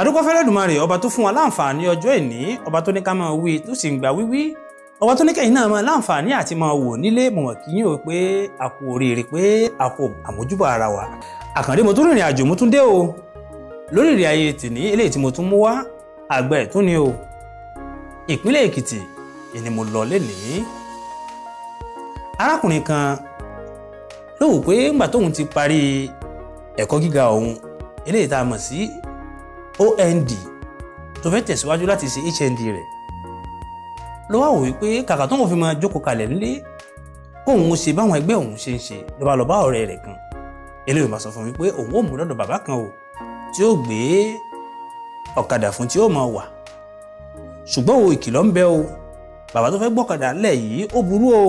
àdúgbò fẹ́lẹ́dùmarè ọba tó fún wa láǹfààní ọjọ́ ìní ọba tó ní ká máa wí tó sì ń gba wíwí ọba tó ní kẹ́yìn náà máa láǹfààní àti máa wò nílé mọ̀mọ́ kí yín o pé a kú oríire pé a kú àmójúbà ara wa àkàndé mo tún rìnrìn àjò mo tún dé o lórí ìrìn ayé tèní eléyìí tí mo tún mú wá àgbà ẹ̀tún ni o ìpínlẹ̀ èkìtì ni mo lọ lénìí arákùnrin kan ló wò pé ńgbà tóun ti parí ẹ̀kọ́ gíga òun eléyìí tá a mọ̀ sí ond tó fẹ́ tẹ̀síwájú láti ṣe hnd rẹ̀ ló wá wò wípé kàkà tó ń fi máa jókòó kalẹ̀ nílé kóun ṣe báwọn ẹgbẹ́ òun ṣe ń ṣe ló bá lọ bá ọ̀rẹ́ rẹ̀ kan eléyìí máa sọ fún mi pé òun ò mú lọ́dọ̀ bàbá kan o tí ó gbé ọ̀kadà fún tí ó máa wà ṣùgbọ́n o ìkìlọ̀ ń bẹ o bàbá tó fẹ́ gbọ́kadà lẹ̀ yìí ó burú o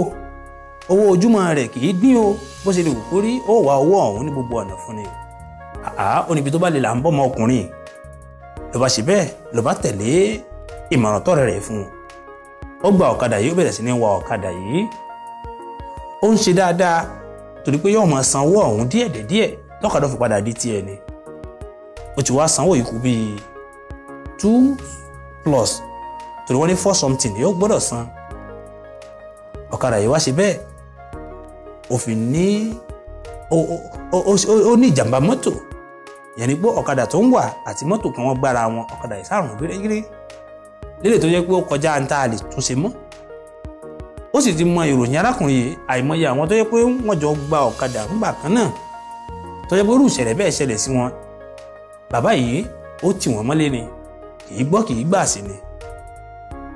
owó ojúmọ́ rẹ̀ kì í dín o bó ṣe lè wù kórí ó wà owó ọ̀hún ní gbogbo ọ̀nà fún ni àá ó tó bá lè là ń bọ́ ọmọkùnrin ló bá ṣe bẹ́ẹ̀ ló bá tẹ̀lé ìmọ̀ràn tọ́rẹ̀ rẹ̀ fún un ó gba ọ̀kadà yìí ó bẹ̀rẹ̀ sí ní wa ọ̀kadà yìí ó ń ṣe dáadáa torí pé yóò máa sanwó ọ̀hún díẹ̀díẹ̀ tọ́kadà fi padà di tiẹ̀ ni ó ti wá sanwó yìí kú bíi two plus torí wọ́n ní four something yóò gbọ́dọ̀ san ọ̀kadà yìí wá ṣe bẹ́ẹ̀ ó fi ní ó ní ìjàmbá mọ́tò yẹn ni pé ọ̀kadà tó ń wà àti mọ́tò kan wọ́n gbára wọn ọ̀kadà ìsàrùn gírígírí lélẹ̀ tó jẹ́ pé ó kọjá ń tá a lè túnṣe mọ́ ó sì ti mọ ìròyìn arákùnrin yìí àìmọye àwọn tó jẹ́ pé wọ́n jọ gba ọ̀kadà ńgbà kan náà tó jẹ́ pé irú ìṣẹ̀lẹ̀ bẹ́ẹ̀ ṣẹlẹ̀ sí wọn bàbá yìí ó tì wọ́n mọ́lé ni kì í gbọ́ kì í gbà sí ni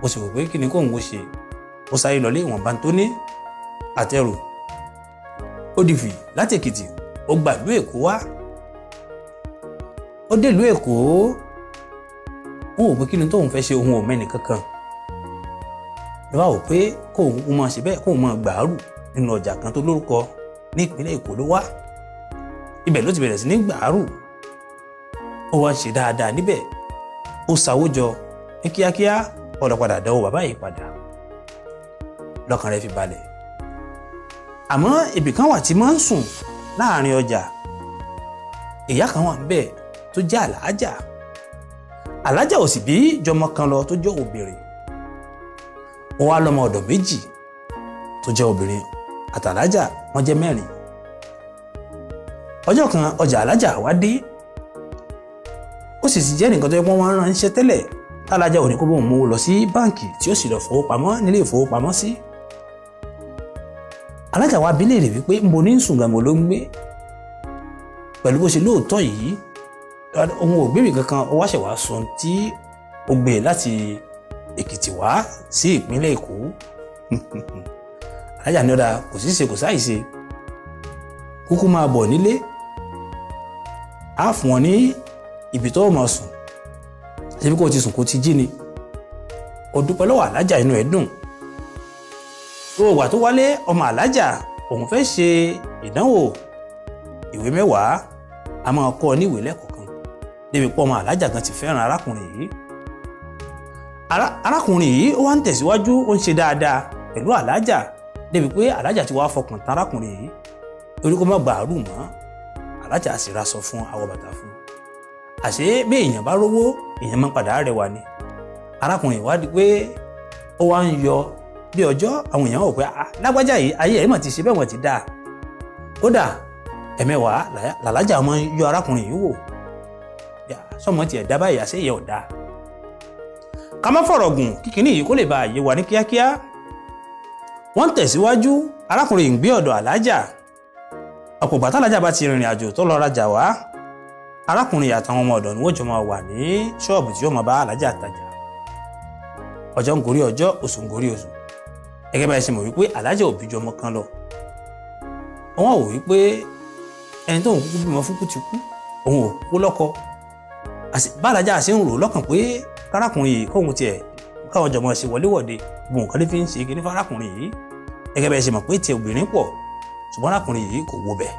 ó sì rò pé kí ni kóun ó ṣe ó sáré lọlé ìwọ̀nba tó ní àtẹrù ó dìfì láti Èkìtì ó gbàlú Èkó wá ó dèlú èkó òun ò pé kí ni tóun fẹ́ ṣe òun ò mẹ́ni kankan lọ́wọ́ ò pé kóun máa ṣe bẹ́ẹ̀ kóun máa gbàárù nínú ọjà kan tó lórúkọ ní ìpínlẹ̀ èkó ló wá ibẹ̀ ló ti bẹ̀rẹ̀ sí ní gbàárù ó wá ṣe dáadáa níbẹ̀ ó ṣàwójọ ní kíákíá ọlọ́padà dánwò bàbá yìí padà lọ́kàn rẹ̀ fi balẹ̀ àmọ́ ibì kan wà tí máa ń sùn láàrin ọjà ìyá kan wà ń bẹ́ẹ̀ tó jẹ́ aláàjà aláàjà ò sì bí jọmọ kan lọ tó jẹ́ obìnrin ó wá lọ́mọ ọ̀dọ̀ méjì tó jẹ́ obìnrin àtàlájà wọ́n jẹ́ mẹ́rin ọjọ́ kan ọjà alájà wá dé ó sì ti jẹ́ nǹkan tó yẹ kí wọ́n ránṣẹ́ tẹ́lẹ̀ tálájà ò ní kó bóun mú lọ sí báǹkì tí ó sì lọ fowópamọ́ nílé ìfowópamọ́sí alájà wá bi léèrè wípé nbo ní sùn ló ń gbé pẹ̀lú bó ṣe lóòótọ́ yìí ohun ògbébì kankan ó wáṣẹ̀ wá sun tí ó gbé e láti èkìtì wá sí ìpínlẹ̀ èkó alájà ní ọ̀dà kò sí ṣe kò sáì ṣe kúkú máa bọ̀ nílé á fún ọ ní ibi tó máa sùn ṣebí kò ti sùn kò ti jí ni ó lọ́wọ́ alájà inú ẹ̀ dùn gbogbo tó wálé ọmọ alájà òun fẹ́ ṣe ìdánwò ìwé mẹ́wàá a máa kọ́ ọ ní ìwé lẹ́kọ̀ọ́ débi pọ́ ọmọ alájà gan ti fẹ́ràn arákùnrin yìí arákùnrin yìí ó wá ń tẹ̀síwájú ó ń ṣe dáadáa pẹ̀lú alájà débi pé alájà ti wá fọkàn tán arákùnrin yìí torí kó má gbàrú mọ́ alájà sì ra sọ fún awọ bàtà fún àṣé bí èèyàn bá rówó èèyàn máa ń padà rẹwà ni arákùnrin yìí wá di pé ó wá ń yọ bí ọjọ́ àwọn èèyàn wò pé ah, lágbájá yìí ayé ẹ̀ ti ṣe bẹ́ẹ̀ wọ́n ti dáa kódà ẹ̀mẹ́wàá làlájà máa ń yọ arákùnrin yìí wò sọmọ tiẹ̀ dá báyìí àṣẹ ìyẹn ò dáa. ká má fọ̀rọ̀ gùn kíkiní yìí kó lè bá àyè wa ní kíákíá. wọ́n tẹ̀síwájú arákùnrin ìgbé ọ̀dọ̀ alájà ọ̀pọ̀ ìgbà tálájà bá ti rìnrìn àjò tó lọ rajà wá arákùnrin àtàwọn ọmọ ọ̀dọ̀ ni wọ́n jọ máa wà ní ṣọ́ọ̀bù tí yóò máa bá alájà tajà ọjọ́ ń gorí ọjọ́ oṣù ń gorí oṣù gẹ́gẹ́ bá ẹ ṣe mọ̀ wípé alájà ò bí ju ọmọ kan lọ wọ́n wò wípé ẹni tóun kúkú bímọ fún kú ti kú òun ò kú lọ́kọ bàdájà sí ń rò lọ́kàn pé kárakùnrin yìí kóhun tiẹ̀ káwọn jọmọ ṣe wọléwọ̀de gbogbo nǹkan ló fi ń ṣe kí ní farakùnrin yìí gẹ́gẹ́ bẹ́ẹ̀ ṣe mọ̀ pé tiẹ̀ obìnrin pọ̀ ṣùgbọ́n arákùnrin yìí kò wo bẹ̀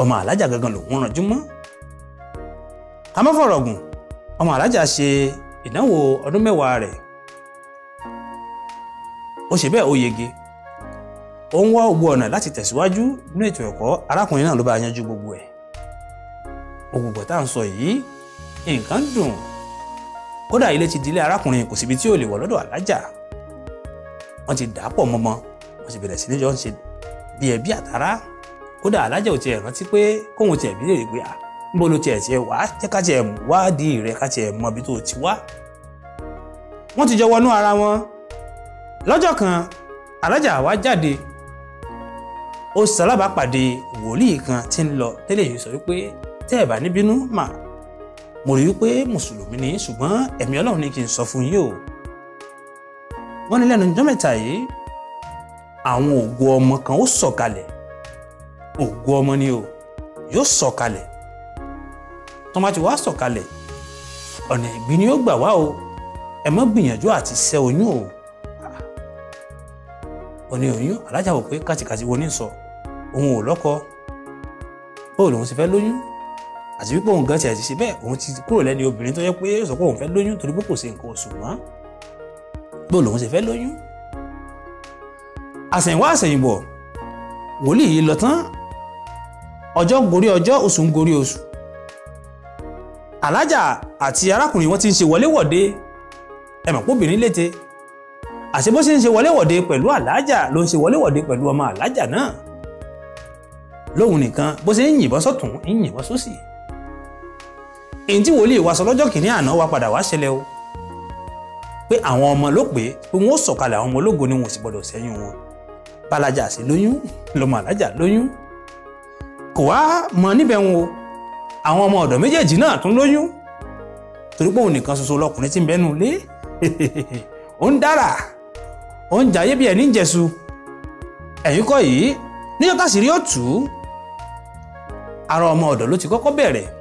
ọmọ alájà gangan lòún rànjú mọ́ amọ́fọ̀rọ̀gùn ọmọ alájà ṣe ìdánwò ọdún mẹ́wàá rẹ̀ ó ṣe bẹ́ẹ̀ ó yege ó ń wá ògbó ọ̀nà láti tẹ̀síwájú nínú ètò ẹ̀kọ́ arákùnrin náà ló bá yanjú gbogbo ẹ̀ gbogbo tá à ń sọ yìí nǹkan dùn kódà ilé ti dilé arákùnrin kò síbi tí ò lè wọ̀ lọ́dọ̀ alájà wọ́n ti dà á pọ̀ mọ́mọ́ wọ́n ti bẹ̀rẹ̀ sí níjọ́ ń ṣe bí ẹbí àtàrà kódà alájà ò tiẹ̀ rántí pé kóhun tiẹ̀ bí lè rí pé à ń bolo tiẹ̀ tiẹ̀ wá jẹ́ ká tiẹ̀ wá di rẹ̀ ká tiẹ̀ mọ ibi tó ti wá. wọ́n ti jọ wọnú ara wọn lọ́jọ́ kan alájà wá jáde ó sálábàápàdé wòlíì kan tí ń lọ tẹ́lẹ̀ yìí sọ wípé tẹ́ ẹ̀ bá ní bínú màá mo rí i pé mùsùlùmí ni ṣùgbọ́n ẹ̀mí ọlọ́run ni kì í sọ fún yín o wọ́n ní lẹ́nu ọjọ́ mẹ́ta yìí àwọn ògo ọmọ kan ó sọ̀kalẹ̀ ògo ọmọ ni o yóò sọ̀kalẹ̀ tọ́mọ ti wá sọ̀kalẹ̀ ọ̀nà ìgbín ni ó gbà wá o ẹ má gbìyànjú àti ṣẹ́ oyún o òní oyún alájà wò pé kàtìkàtì wo ní sọ òun ò lọ́kọ bóòlù òun sì fẹ́ lóyún àti wípé òun gan ti àti ṣe bẹ́ẹ̀ òun ti kúrò lẹ́ni obìnrin tó yẹ pé yóò sọ pé òun fẹ́ lóyún torí pé kò ṣe nǹkan oṣù mọ́ bó lòun ṣe fẹ́ lóyún. àsẹ̀yìnwá àsẹ̀yìnbọ̀ wòlíì yìí lọ tán ọjọ́ ń gorí ọjọ́ oṣù ń gorí oṣù. alájà àti arákùnrin wọn ti ń ṣe wọléwọ̀de ẹ̀mọ̀ kóbìnrin léte àti bó ṣe ń ṣe wọléwọ̀de pẹ̀lú alájà ló ń ṣe wọléwọ̀de pẹ̀lú ọmọ alájà náà lóhun nìkan bó ṣe ń yìnbọn sọ́tún ń yìnbọn sósì èyí tí wòlíì wa sọ lọ́jọ́ kìíní àná wa padà wá ṣẹlẹ̀ o pé àwọn ọmọ ló pé pé wọn sọ̀kalẹ̀ àwọn ọmọ ológo ni wọn sì gbọdọ̀ sẹ́yìn wọn balaja sí lóyún lọmọ alájà lóyún kò wá mọ níbẹ̀ wọn o àwọn ọmọ ọ̀dọ̀ méjèèjì náà tún lóyún torí pé òun nìkan ṣoṣo lọkùnrin tí ń bẹ́nu lé ó ń dára ó ń bí ẹni ń jẹ̀sù ẹ̀yìn kọ́ yìí níjọ́ tásìrí ó tù ú ara ọmọ ọ̀dọ̀ ló ti kọ́kọ́ bẹ̀rẹ̀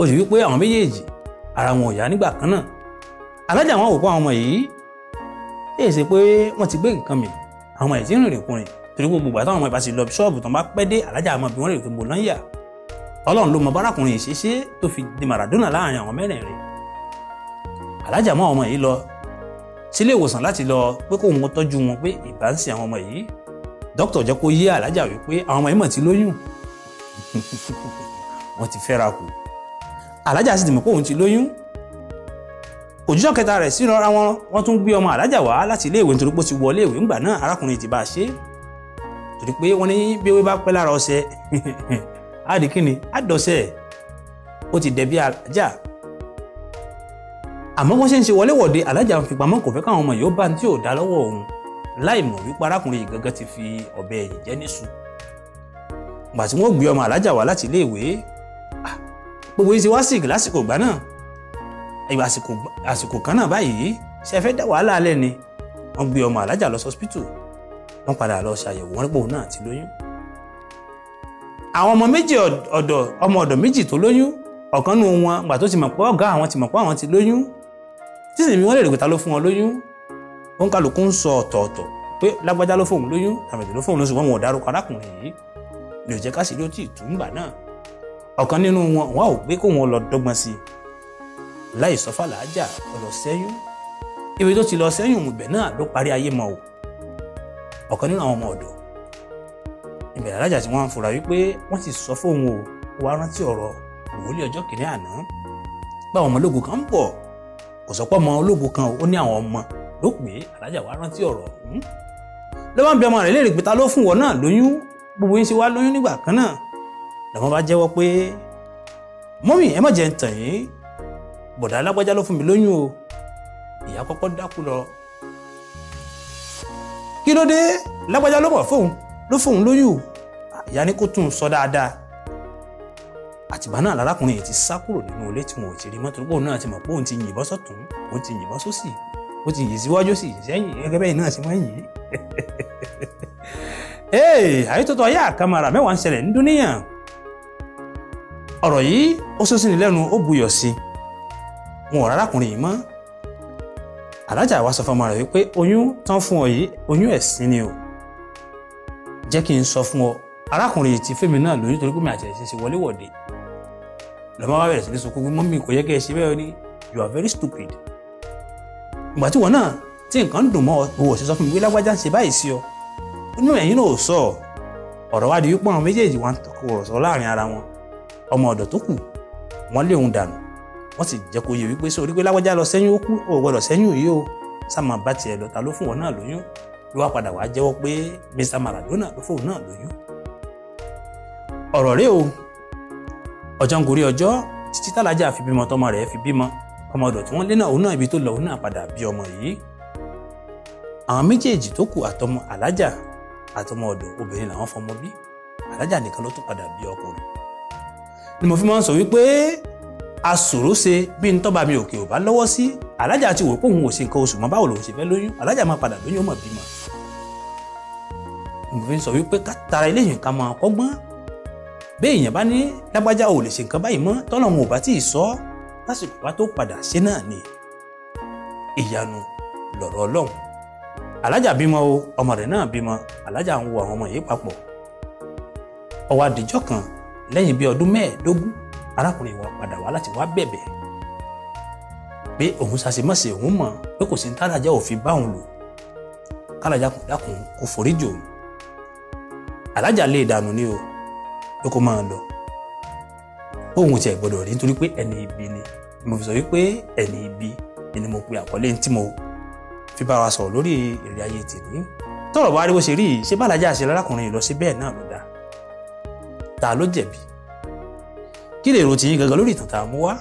ó sì wípé àwọn méjèèjì ara wọn ò yá nígbà kan náà alájà wọn wò pé àwọn ọmọ yìí ṣe é ṣe pé wọ́n ti gbé nǹkan mi àwọn ọmọ yìí ti rìnrìn kùnrin torí gbogbo ìgbà táwọn ọmọ ìbá ti lọ ṣọ́ọ̀bù tán bá pẹ́ dé alájà àmọ́ bí wọ́n rèé tó gbò lọ́yà ọlọ́run ló mọ bárakùnrin yìí ṣe ṣe tó fi di Maradona láàrin àwọn mẹ́rẹ̀ẹ̀rin alájà mọ́ àwọn ọmọ yìí lọ sílé ìwòsàn láti lọ pé kó wọn tọ́jú wọn pé ìbá ń sin àwọn ọmọ yìí dókítà jẹ́ kó yé alájà wípé àwọn ọmọ yìí mọ̀ ti lóyún wọ́n ti fẹ́ra kù alájà sì ti mọ̀ pé òun ti lóyún òjíṣọ́ kẹta rẹ̀ sí rọra wọn wọ́n tún gbé ọmọ alájà wá láti iléèwé nítorí pé ó ti wọ iléèwé ńgbà náà arákùnrin ti bá a ṣe torí pé wọ́n ní bí ewé bá pẹ́ lára ọṣẹ àdìkíni àdọ̀ṣẹ́ ó ti dẹ̀bi alájà àmọ́ wọ́n ṣe ń ṣe wọléwọ̀de alájà ń fi pamọ́ kò fẹ́ káwọn ọmọ yóò bá ní tí ò dá lọ́wọ́ òun láì mọ̀ wípé arákùnrin yìí gángan ti fi ọ̀bẹ ẹ̀yìn jẹ́ níṣu gbà tí wọ́n gbé ọmọ alájà wá láti iléèwé gbogbo yìí ti wá sìk lásìkò ìgbà náà ìgbà àsìkò kan náà báyìí ṣe fẹ́ dá wàhálà alẹ́ ni wọ́n gbé ọmọ alájà lọ sọ́spítù wọ́n padà lọ ṣàyẹ̀wò wọn pò náà ti lóyún. àwọn ọmọ méjì ọ̀dọ̀ ọmọ ọ̀dọ̀ méjì tó lóyún ọ̀kan nù wọn gbà tó ti mọ̀ pé ọ̀gá àwọn ti mọ̀ pé àwọn ti lóyún títí mi wọ́n lè rògbòta ló fún wọn lóyún wọn kálukú ń sọ ọ̀tọ̀ọ̀tọ̀ pé lágbájá ló fóun lóyún tàbí ló fóun lóṣù wọn wọn ò arákùnrin yìí lè jẹ́ ká sì ló tì tùǹgbà náà ọ̀kan nínú wọn wọn ò pé kó wọn lọ dọ́gbọ́n sí i láì sọ fàlàájà ọ̀lọ́ sẹ́yún ibi tó ti lọ sẹ́yìn ìbẹ̀ náà ló parí ayé mọ́ o ọ̀kan nínú àwọn ọmọ ọ̀dọ́ ìbẹ̀rẹ̀ alájà tí wọ́n ń fura wípé wọ́n ti sọ fóun o wá rántí ọ̀rọ̀ wòlíì ọjọ́ kìíní àná bá àwọn ọmọ ológun kan ń bọ̀ kò sọ pé ọmọ ológun kan ó ní àwọn ọmọ ló pè é alájà wá rántí ọ̀rọ̀ ọ̀hún hmm? ló bá ń bi ọmọ rẹ̀ léèrè pé ta ló fún wọn náà lóyún gbogbo yín ṣe wá lóyún nígbà kan náà làwọn bá jẹ́wọ́ pé mọ́mì ẹ má jẹ́ ń tàn yín bọ̀dá alágbájá ló fún mi lóyún o ìyá kọ́kọ́ dákú lọ. kí ló dé lágbájá ló mọ̀ fóun ló fóun lóyún ìyá ní kó tún un sọ dáadáa àtìgbà náà lárákùnrin yìí ti sá kúrò nínú ilé tí wọn ò ti rí mọ́tò pòun náà ti mọ̀ pé òun ti yìnbọn sọ́tún òun ti yìnbọn sósì ó ti yìn síwájú sí sẹ́yìn gẹ́gẹ́ bẹ́ẹ̀ náà ṣe máa yìn. ee àyètòtò ayé àkàmàrà mẹ́wàá ń ṣẹlẹ̀ ní dúníyàn ọ̀rọ̀ yìí ó sọ sí ni lẹ́nu ó buyọ̀ sí wọn ò rárákùnrin yìí mọ́ alájà wa sọ fún ọmọ rẹ̀ wípé oyún tán fún ọ yìí oyún ẹ̀sín ni o jẹ́ kí n sọ fún ọ arákùnrin yìí ti fẹ́mi náà lóyún torí pé mi àti ẹ̀sìn ṣe wọléwọ̀de lọ́mọ wa bẹ̀rẹ̀ sí ní sunkún mọ́mí kò yẹ kí ẹ ṣe bẹ́ẹ̀ ni you are very stupid ìgbà tí wọn náà tí nǹkan dùn mọ́ ọ ò sì sọ fún mi pé lágbájá ṣe báyìí sí ọ onímọ̀ ẹ̀yìn náà ò sọ ọ̀rọ̀ wá di wípé àwọn méjèèjì wọn kò rọ̀ sọ láàrin ara wọn ọmọ ọ̀dọ̀ tó kù wọ́n lé òun dànù wọ́n sì jẹ́ kó yẹ wípé sórí pé lágbájá lọ sẹ́yìn ó kú ó gbọ́dọ̀ sẹ́yìn yìí o sáàmà bá tiẹ̀ lọ ta ló fún wọn náà lóyún ló wá padà wá jẹ́wọ́ pé Mr Maradona ló fóun náà lóyún. ọ̀rọ̀ rẹ o ọjọ́ ń gorí ọjọ́ títí tálájà fi bímọ tọmọ rẹ̀ fi bímọ ọmọ ọ̀dọ̀ tí wọ́n lé náà òun náà ibi tó lọ òun náà padà bí ọmọ yìí. àwọn méjèèjì tó kù àtọmọ alájà àtọmọ ọ̀dọ̀ obìnrin làwọn fọmọ bí alájà nìkan ló tún padà bí ọkùnrin ni mo fi máa ń sọ wípé asòro ṣe bí n tọ́ba mi òkè ò bá lọ́wọ́ sí alájà ti wò pé òun ò ṣe nǹkan oṣù mọ́ báwo lòun ṣe fẹ́ lóyún alájà máa padà lóyún ó bímọ. mo fi ń sọ wípé ká tara eléyìí ká máa kọ́gbọ́n bí èèyàn bá ní lágbájá ò lè ṣe nǹkan báyìí mọ́ tọ́lọ́run ò bá tí ì sọ lásìkò bá tó padà ṣe náà ni ìyanu lọ̀rọ̀ ọlọ́run alájà bímọ o ọmọ rẹ̀ náà bímọ alájà ń wo àwọn ọmọ yìí papọ̀ ó wá kan lẹ́yìn bíi ọdún mẹ́ẹ̀ẹ́dógún arákùnrin wa padà wá láti wá bẹ̀bẹ̀ pé òun ṣàṣemọ́ṣe òun mọ̀ pé kò sí ní tálàjà òfin bá òun lò kálàjà kò dákun kò foríjì òun alájà lè dànù ni o ló kó máa lọ òun tiẹ̀ gbọ́dọ̀ rí nítorí pé ẹni ibi ni mo fi sọ wípé ẹni ibi ni mo pe àkọlé tí mo fi bá wa sọ̀rọ̀ lórí èrè ayé tèmi tọ̀rọ̀ bá rí bó ṣe rí ṣé bàlájà ṣe lárakùnrin lọ sí bẹ́ẹ̀ náà lọ ta ló jẹ̀bi kí lèrò tí yín gangan lórí ìtàn tá a mú wá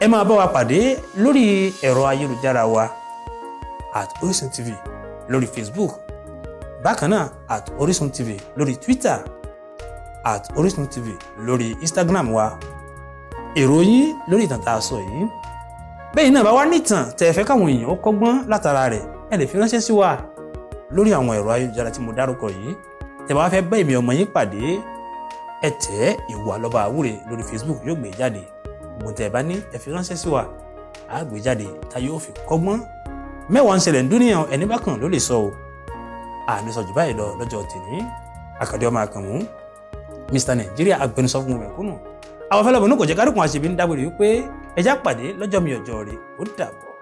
ẹ máa bá wa pàdé lórí ẹ̀rọ ayélujára wa at Orisun TV lórí Facebook bákan náà at Orisun TV lórí Twitter at Orisun TV lórí Instagram wa èrò yín lórí ìtàn tá a sọ yìí bẹ́ẹ̀ náà bá wá nìtàn tẹ́ ẹ fẹ́ káwọn èèyàn ó kọ́gbọ́n látara rẹ̀ ẹ lè fi ránṣẹ́ sí wa lórí àwọn ẹ̀rọ ayélujára tí mo dárúkọ yìí tẹ́ bá fẹ́ bá èmi ọmọ yín pàdé ẹ tẹ̀ ìwà lọ́ba àwúre lórí Facebook yóò gbé jáde gbọ̀ntẹ̀ bá ní ẹ fi ránṣẹ́ sí wa á gbé jáde ta yóò fi kọ́gbọ́n mẹ́wàá ń ṣẹlẹ̀ ń dúníyàn ẹni bá kàn ló lè sọ o àní sọ jù báyìí lọ lọ́jọ́ tèmi àkàdé ọmọ àkànmú Mr Nigeria agbẹnusọ fún mi kùnú àwọn fẹlẹ́ bọ̀ ní kò jẹ́ kárùkùn àṣebí ń dágbére wípé ẹjá pàdé lọ́jọ́ mi ọjọ́ rẹ̀ ó dàbọ̀.